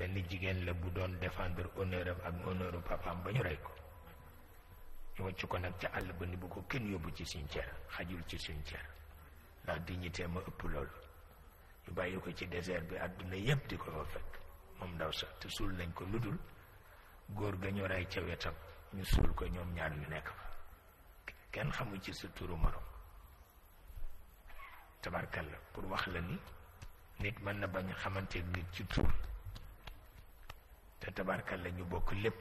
benn jigéen la bu doon défendre honneur am ak honneur u ba ñu rey ko ñu wàcc ko nag ca àll ba ni bu ko kenn yóbbu ci cimetière xajul ci cimetière ndax dignité ma ëpp loolu ñu bàyyi ko ci désert bi àdduna yépp di ko fa fekk moom ndaw sax te suul lañ ko ludul góor ga ñu rey ca wetam ñu suul ko ñoom ñaar ñu nekk fa kenn xamu ci sa turu morom tabarkal la pour wax la ni nit mën na bañ xamante nit ci tur te tabarkal la ñu bokk lépp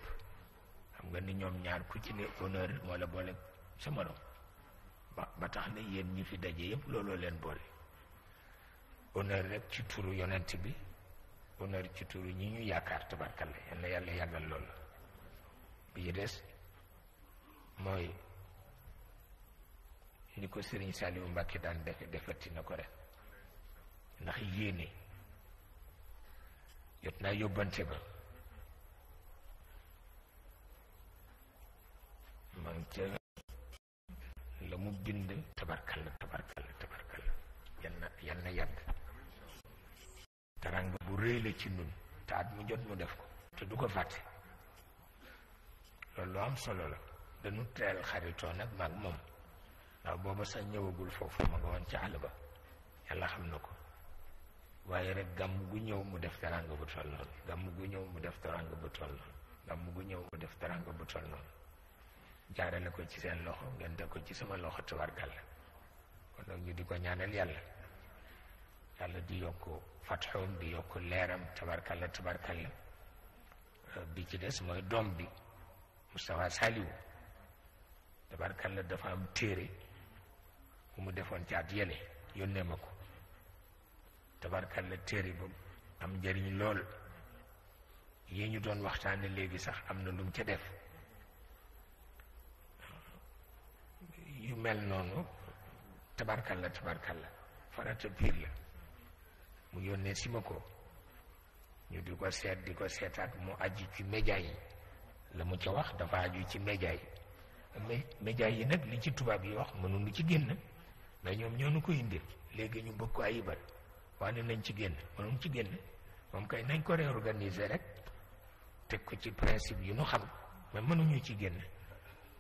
xam nga ni ñoom ñaar ku ci ne honneur moo la boole sa morom ba ba tax na yéen ñi fi daje yépp looloo leen boole honneur rek ci turu yonent bi honneur ci turu ñi ñu yaakaar tabarkal la yal na yàlla yàggal loolu bi ci des mooy ni ko Serigne Saliou Mbacke daan defe defati na ko rek ndax yéene yot naa yóbbante ba ma ngi ca la mu bind tabarkal la tabarkal la tabarkal la yal na yàgg taranga bu rëy la ci nun te at mu jot mu def ko te du ko fàtte loolu lu am solo la dañu teel xaritoo nag maag moom ndax booba sax ñëwagul foofu ma nga woon ca àll ba yàlla xam na ko waaye rek gàmm gu ñëw mu def taranga bu tolloon gàmm gu ñëw mu def taranga bu tolloon gàmm gu ñëw mu def taranga bu tolloon jaarale ko ci seen loxo ngeen teg ko ci sama loxo tabarkal la kon nag di ko ñaaneel yàlla yàlla di yokk fatxoom di yokk leeram tabarkal la tabarkal la euh, bi ci des mooy doom bi Moustapha Saliou tabarkal la dafa am téere bu mu defoon ci at yële yónnee ma ko tabarkal la téere ba am njëriñ lool yi ñu doon waxtaane léegi sax am na lum mu ca def yu mel noonu la tabarkalla la farata piir la mu yónnee si ko ñu di ko seet di ko seetaat mu aju ci média yi la mu ca wax dafa aju ci média yi mais média yi nag li ci tubaab yi wax mënuñu ci génn mais ñoom ñoo nu ko indil léegi ñu bëgg ko ayibal wane nañ ci génn mënuñu ci génn moom kay nañ ko réorganiser rek teg ko ci principe yi nu xam mais mënuñu ci génn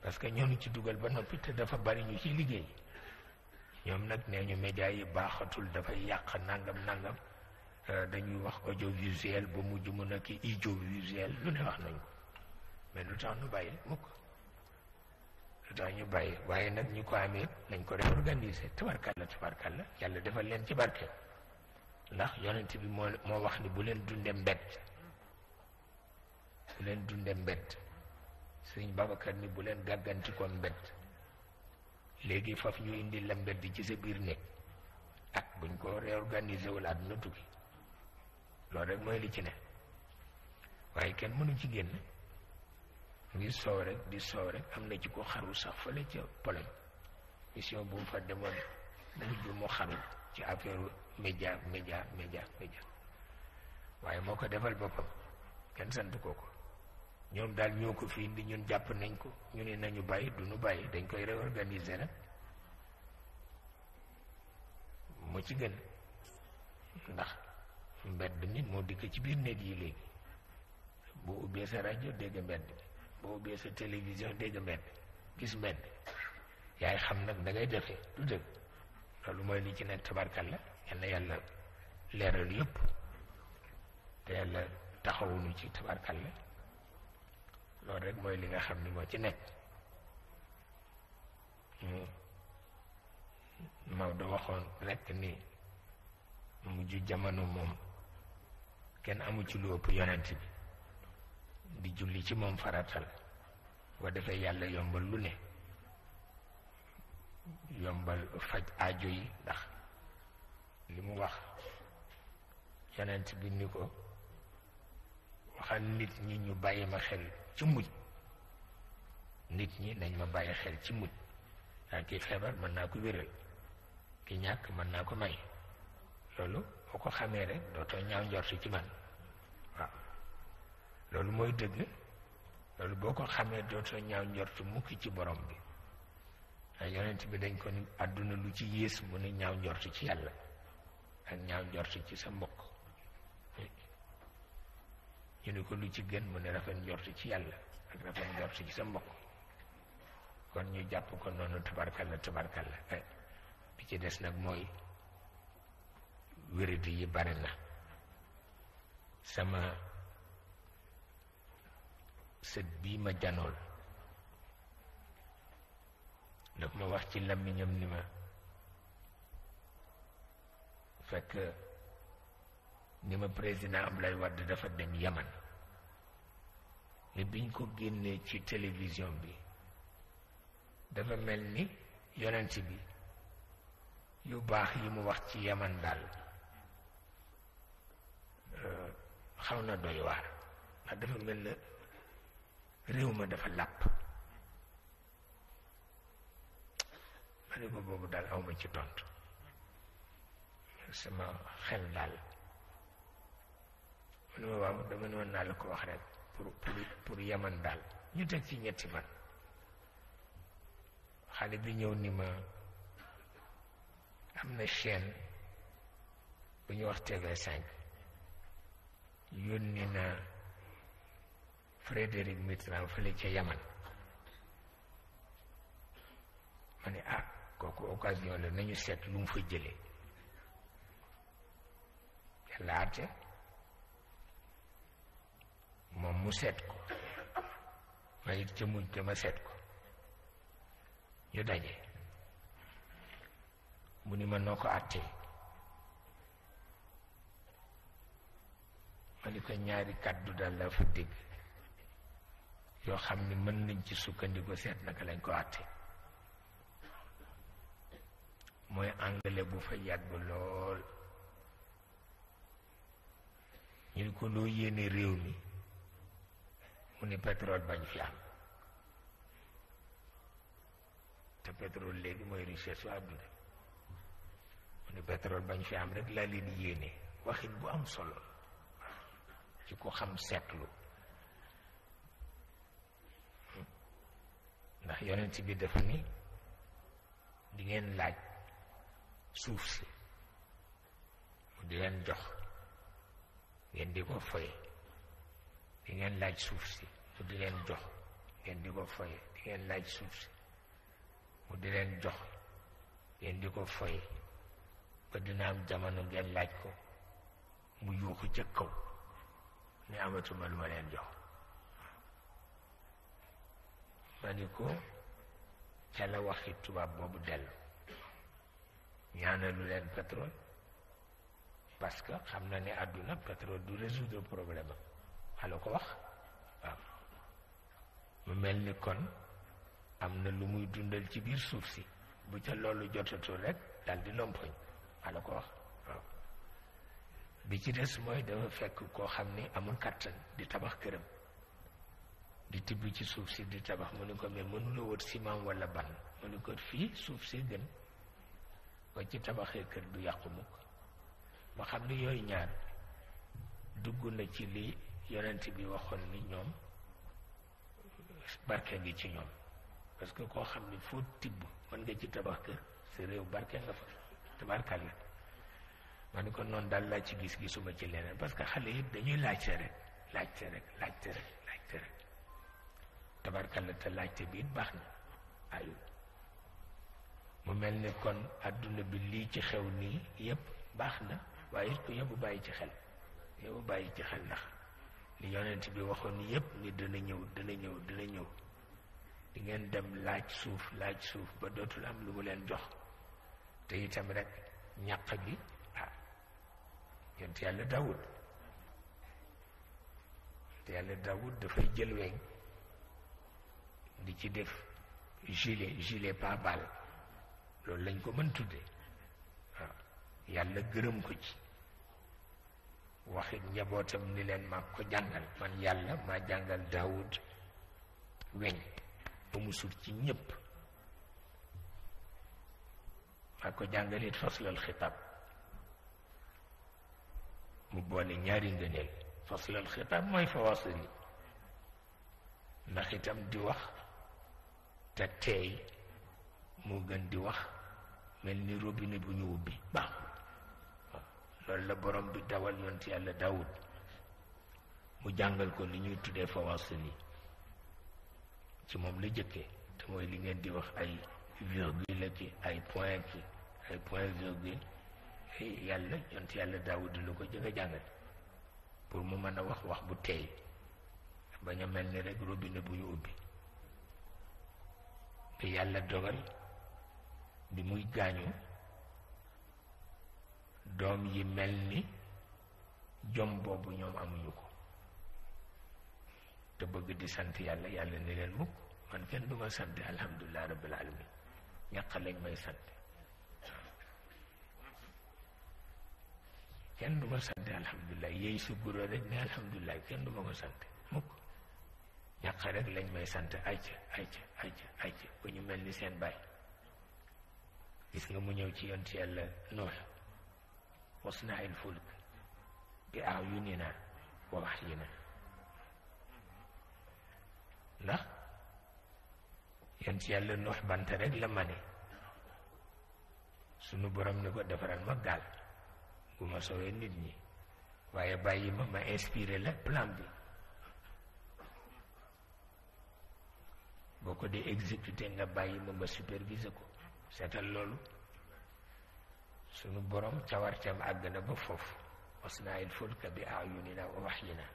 parce que ñoo ñu ci dugal ba noppi te dafa bari ñu ciy liggéey ñoom nag nee ñu média yi baaxatul dafay yàq nangam nangam euh, dañuy wax audiovisuel ba mujj mën a ki audiovisuel lu ne wax nañ ko mais lu tax nu bàyyi mukk lu tax ñu bàyyi waaye nag ñu ko amee nañ ko def la tabarkalla la yàlla defal leen ci barke ndax yonent bi moo moo wax ni bu leen dunde mbett bu leen dunde mbett suñu Babacar ni bu leen gàgganti kon mbedd léegi faf ñu indi la mbedd ci sa biir néeg ak ah, buñ ko réorganiser wala àdduna tukki loolu rek mooy li ci ne waaye kenn mënu ci génn ngi soow rek di soow rek am na ci ko xaru sax fële ca Pologne mission bu mu fa demoon mujj mu xaru ci affaire média média média média waaye moo ko defal boppam kenn sant ko ko ñoom daal ñoo ko fi indi ñun jàpp nañ ko ñu ne nañu bàyyi duñu bàyyi dañ koy réorganiser nag moo ci gën ndax mbedd mi moo dikk ci biir néeg yi léegi boo ubbee sa rajo dégg mbedd boo ubbee sa télévision dégg mbedd gis mbedd yaay xam nag dangay ngay defee du dëgg loolu mooy li ci nekk tabarkal la yal na yàlla leeral yëpp te yàlla taxawuñu ci tabarkal la loolu rek mooy li nga xam ni moo ci nekk hmm. Maodo waxoon rekk ni mujj jamono moom kenn amu ci lu ëpp yonent bi di julli ci moom faratal boo defee yàlla yombal lu ne yombal faj aajo yi ndax li mu wax yonent bi ni ko waxal nit ñi ñu bàyyi ma xel ci mujj nit ñi dañ ma bàyyi xel ci mujj waaye kii feebar mën naa ko wéral ki ñàkk mën naa ko may loolu boo ko xamee rek dootoo ñaaw njortu ci man waaw loolu mooy dëgg loolu boo ko xamee dootoo ñaaw njortu mukk ci borom bi waaye yonent bi dañ ko ni àdduna lu ci yées mu ne ñaaw njortu ci yàlla ak ñaaw njortu ci sa mbokk ñu ni ko lu ci gën mu ne rafet njort ci yàlla ak rafet njort ci sa mbokk kon ñu jàpp ko noonu tubarkalla la eh, bi ci des nag mooy wéradi yi bari na sama sët bii ma janool daf ma wax ci làmmiñam ni ma fekk ni ma président Abdoulaye Wade dafa dem Yaman mais biñ ko génnee ci télévision bi dafa mel ni yonent bi yu baax yi mu wax ci yaman daal euh, xaw na doy waar ndax dafa mel na réew ma dafa làpp ma ne ko boobu daal awma ci tontu sama xel daal mu ne ma waaw dama ne woon naa la ko wax rekk pour pour yaman daal ñu teg ci ñetti fan xale bi ñëw ni ma am na chaîne bu ñu wax TV5 yónni na Frédéric Mitterrand fële ca yaman ma ne ah kooku occasion la nañu seet lu mu fa jëlee yàlla arte moom mu seet ko ma it ca muñ te ma seet ko ñu daje mu ni ma noo ko àttee ma ni ko ñaari kàddu daal laa fa dégg yoo xam ni mën nañ ci sukkandiku seet naka lañ ko àtte mooy anglais bu fa yàgg lool ñu ni ko loo yéene réew mi mu ni pétrole bañ fi am te pétrole léegi mooy richesse su àdduna mu ni pétrole bañ fi am rek laa leen yéene waxit bu am solo ci ko xam seetlu ndax yonent biir dafa ni di ngeen laaj suuf si mu di leen jox ngeen di ko fay di ngeen laaj suuf si mu di leen jox ngeen di ko foye di ngeen laaj suuf si mu di leen jox ngeen di ko foye ba dina am jamono ngeen laaj ko mu yuuxu ca kaw ne amatuma lu ma leen jox ma ni ko ca la waxi tubaab boobu dellu lu leen pétrole parce que xam na ne àdduna pétrole du résoudre problème alo ko wax waaw mu mel ni kon am na lu muy dundal ci biir suuf si bu ca loolu jotatul rek dal di lompoñ alo ko wax waaw bi ci des mooy dafa fekk koo xam ni amul kattan di tabax këram di tibb ci suuf si di tabax mu ni ko mais mënula wër ciment wala ban mu ni ko fii suuf si gën ba ci tabaxee kër du yàqu mukk ma xam ni yooyu ñaar dugg na ci lii yonent bi waxoon ni ñoom barke ngi ci ñoom parce que koo xam ni foo tibb mën nga ci tabax kër sa réew barke nga fa tabarkal la ma ni ko noonu daal laa ci gis-gisuma ci leneen parce que xale yëpp dañuy laajte rek laajte rek laajte rek laajte rek tabarkal la te laajte bi baax na ayu mu mel ni kon àdduna bi lii ci xew nii yëpp baax na waaye it bàyyi ci xel yóbbu bàyyi ci xel ndax li yonent bi waxoon yépp ni dana ñëw dana ñëw dana ñëw dingeen dem laaj suuf laaj suuf ba dootul am lu mu leen jox te itam rek ñàq gi ah yonent yàlla Daawud te yàlla Daawud dafay jël weñ di ci def gilet gilet pare loolu lañ ko mën tudde ah, yàlla gërëm ko ci waxit njabootam ni leen maa ko jàngal man yàlla maa jàngal daawud weñ ba mu sut ci ñépp maa ko jàngal it faslal xitaab mu boole ñaari ngëneel faslal xitaab mooy fawaasil yi ndax itam di wax te teey moo gën di wax mel ni robine bu ñu ubbi baaxul loolu la borom bi tawal yont yàlla daawut mu jàngal ko li ñuy tuddee fawasil yi ci moom la jëkkee te mooy li ngeen di wax ay virgule ki ay point ki ay point virgule yàlla yont yàlla daawut di lu ko jëkk a jàngal pour mu mën a wax wax bu teey bañ a mel ni rek robinet bu ñu ubbi te yàlla dogal bi muy gaañu doom yi mel ni jom boobu ñoom amuñu ko te bëgg di sant yàlla yàlla ne leen mukk man kenn du ma sant alhamdulilah rabbil alamin ñàkk lañ may sant kenn du ma sant alhamdulilah yéy si guro rek ne alhamdulilah kenn du ko sant mukk ñàkk rek lañ may sant acca acca acca acca ñu mel ni seen baay gis nga mu ñëw ci yont yàlla noox واصنع الفلك بأعيننا ووحينا ndax yéen ci yàlla noox bant rek la ma ne sunu borom ni ko defaral ma gaal bu ma sowee nit ñi waaye bàyyi ma ma inspiré la plan bi boo ko dee exécuté nga bàyyi ma ma supervisé ko seetal loolu sunu borom cawarteem àgg na ba foofu wasnaayil fulka bi ayunina wa waxyina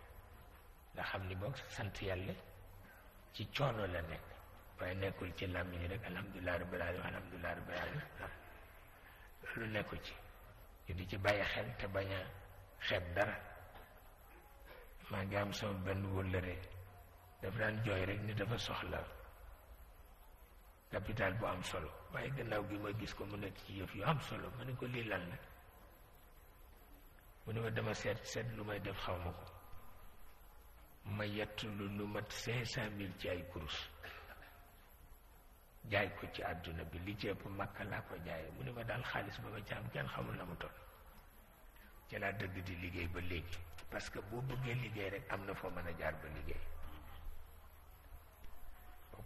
nga xam ni boog sant yàlla ci coono la nekk waaye nekkul ci làmmiñ rek alhamdulilah rabbil alamin alhamdulilah rabbil alamin loolu nekku ci ñu di ci bàyyi xel te bañ a xeeb dara maa ngi am sama benn wëllëre dafa daan jooy rek ni dafa soxla capital bu am solo waaye gannaaw gi ma gis ko mu nekk ci yëf yu am solo ma ne ko lii lan la mu ne ma dama seet seet lu may def xaw ma ko ma yett lu lu mat cinq cent ci ay kurus jaay ko ci àdduna bi li ci ëpp makka laa ko jaayee mu ne ma daal xaalis ba ma ci kenn xamul na mu toll ci laa dëgg di liggéey ba léegi parce que boo bëggee liggéey rek am na foo mën a jaar ba liggéey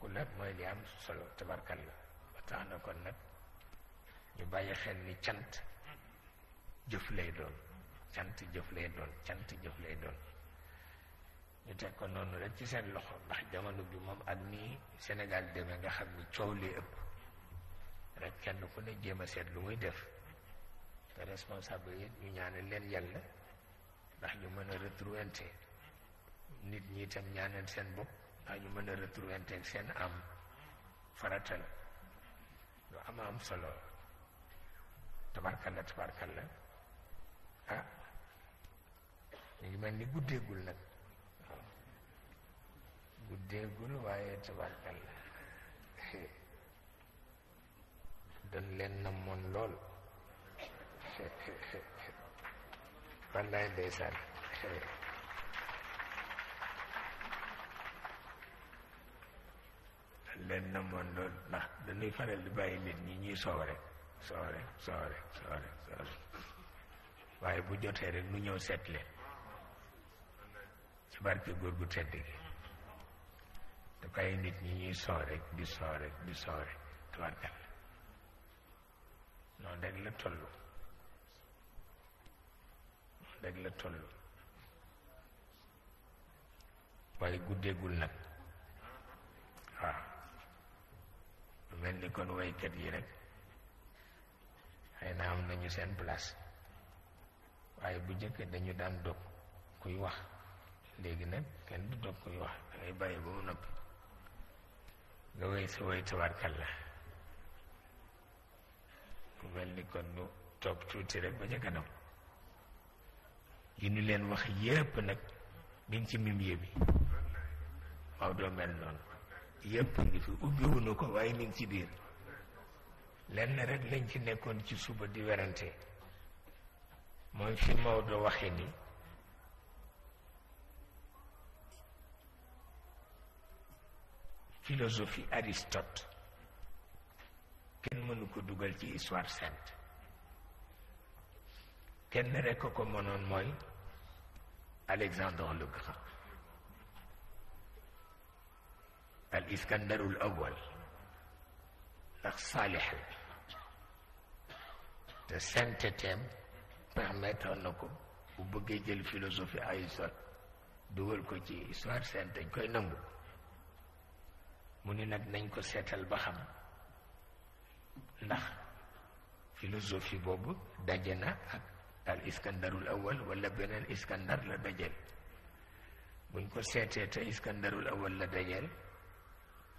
kooku nag mooy li am solo tabarkalla ba tax na kon nag ñu bàyyi xel ni cant jëf lay doon cant jëf lay doon lay doon ñu teg ko noonu rek ci seen loxo ndax jamono bi moom ak nii Sénégal demee nga xam ni coow li ëpp rek kenn ku ne jéem a seet lu muy def te responsable yi ñu ñaanal leen yàlla ndax ñu mën a retrouver nit ñi itam ñaanal seen bopp waaye ñu mën a retrouver teg seen am farata la lu ama am solo tabarkalla tabarkalla ah ñu ngi mel ni guddeegul nag waaw guddeegul waaye tabarkalla dañ leen namoon lool wallaay ndeysaan leen namoon lool ndax dañuy faral di bàyyi nit ñi ñuy soow rek soow rek soow rek soow rek soow rek waaye bu jotee rek nu ñëw seet leen ci barke góor gu tedd gi te nit ñi ñuy soow rek di soow rek di soow rek tabarkal noonu rek la toll noonu rek la toll waaye guddeegul nag waaw mel ni kon woykat yi rek xëy na am nañu seen place waaye bu jëkk dañu daan dog kuy wax léegi nag kenn du dog kuy wax dangay bàyyi ba mu noppi nga wéy sa wéy tabarkal la ku mel ni kon nu toog tuuti rek ba ca kanam yi ñu leen wax yépp nag biñ ci mim yébi Maodo mel noonu yépp ngi fi ubbiwunu ko waaye mi ngi ci biir lenn rek lañ ci nekkoon ci suba di werante moom fi Maodo waxe ni philosophie Aristote kenn mënu ko dugal ci histoire sainte kenn rek ko mënoon mooy Alexandre le Grand الإسكندر الأول الأخ صالح تسنتتم بحمد أنكم وبقي جل فلسفي أيسر دول كوتي إسوار سنت كوي نمو مني نك نينكو سيتل بحم نخ فلسفي بوب دجنا الإسكندر الأول ولا بين الإسكندر لا دجل بنكو سيتل إسكندر الأول لا دجل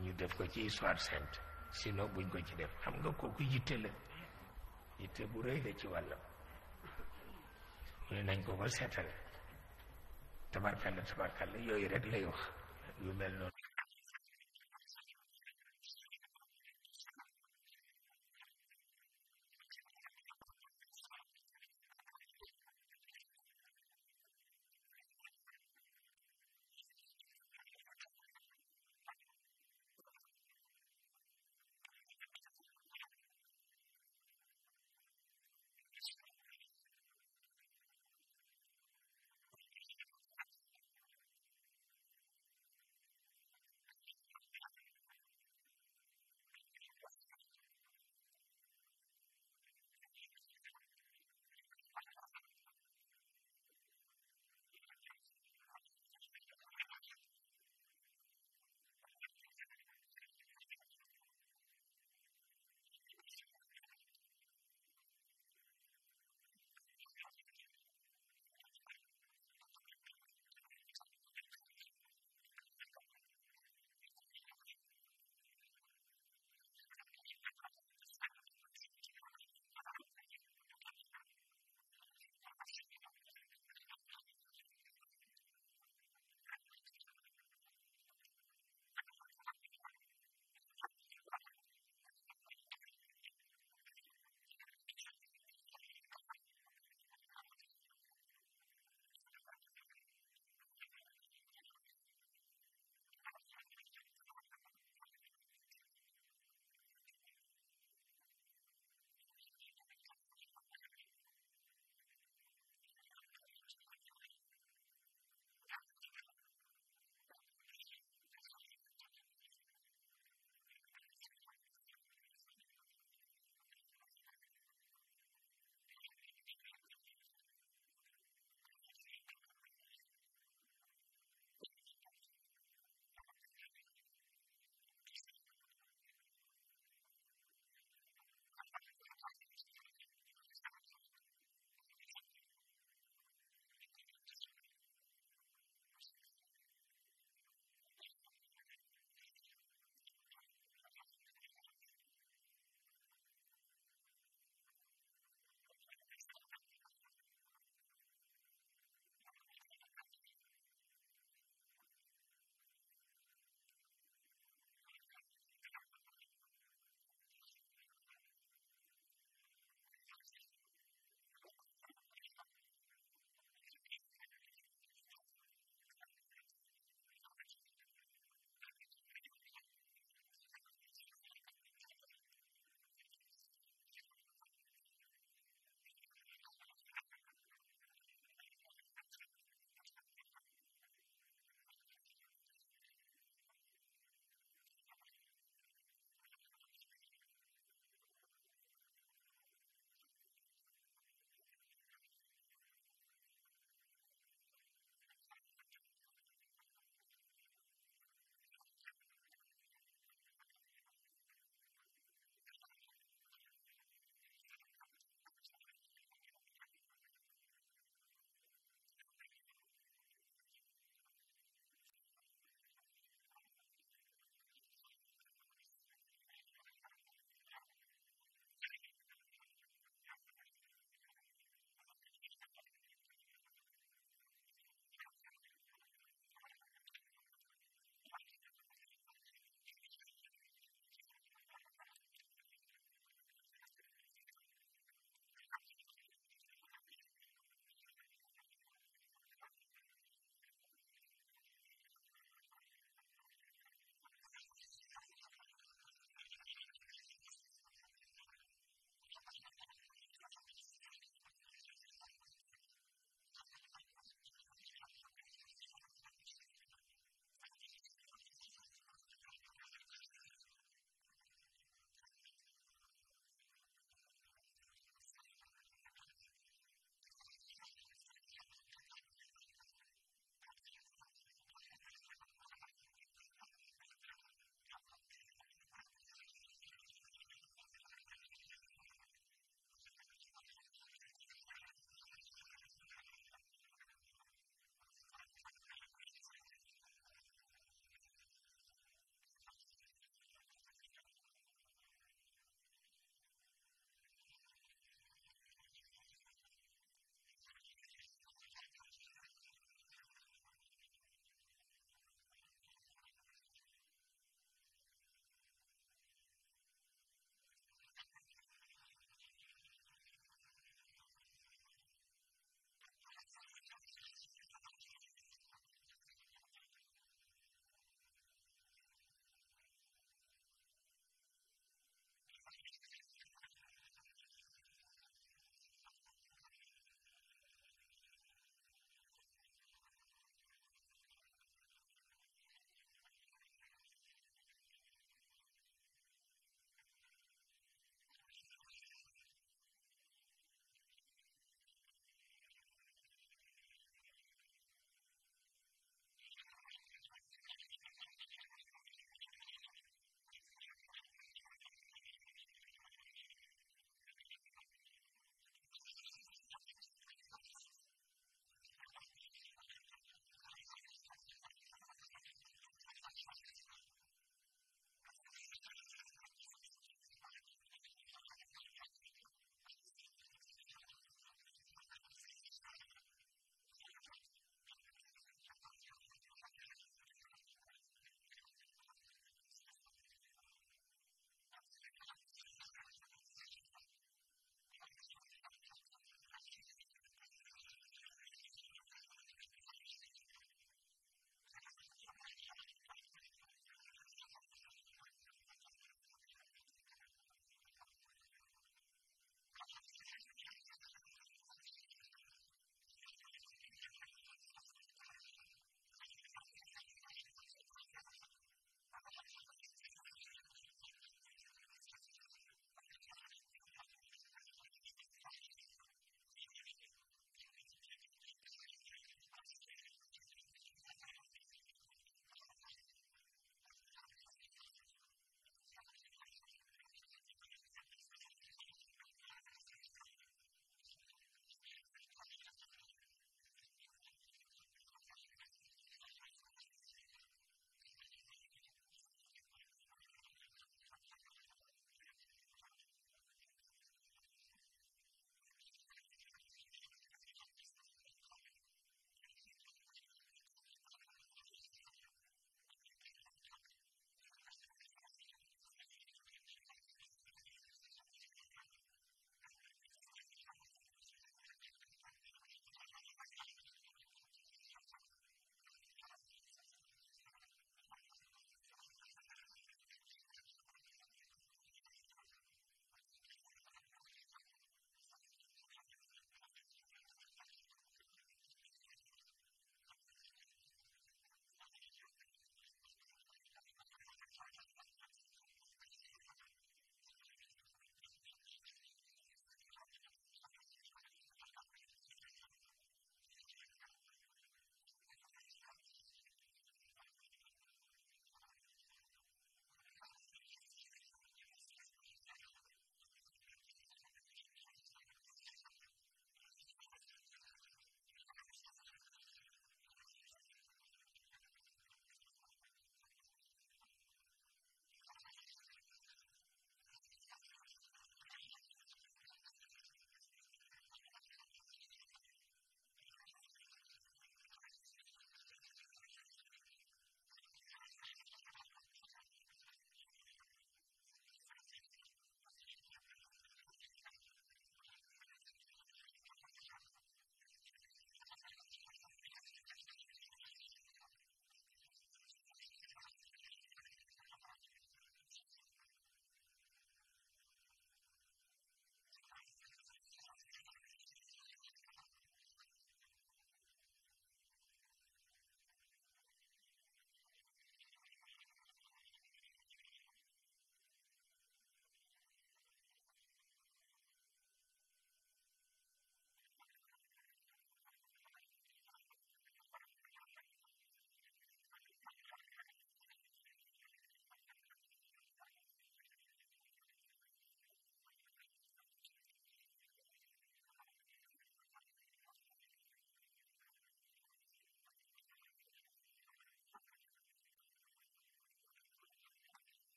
ñu def ko ci histoire sainte sinon buñ ko ci def xam nga kooku yitte la yitte bu rëy la ci wàllam mu ne nañ ko ko seetal tabarkalla tabarkalla yooyu rek lay wax yu mel noonu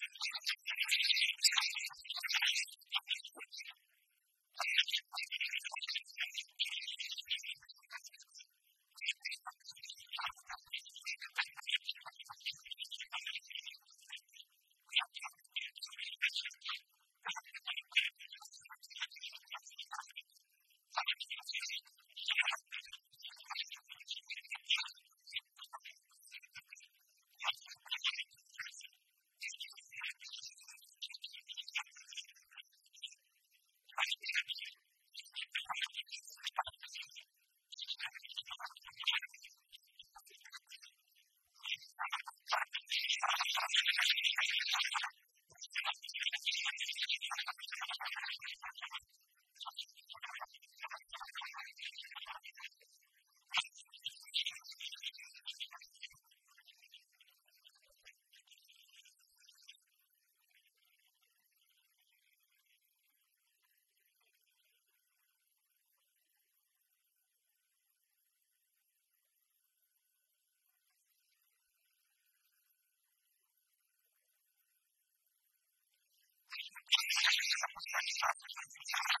ハハハハ私たちは。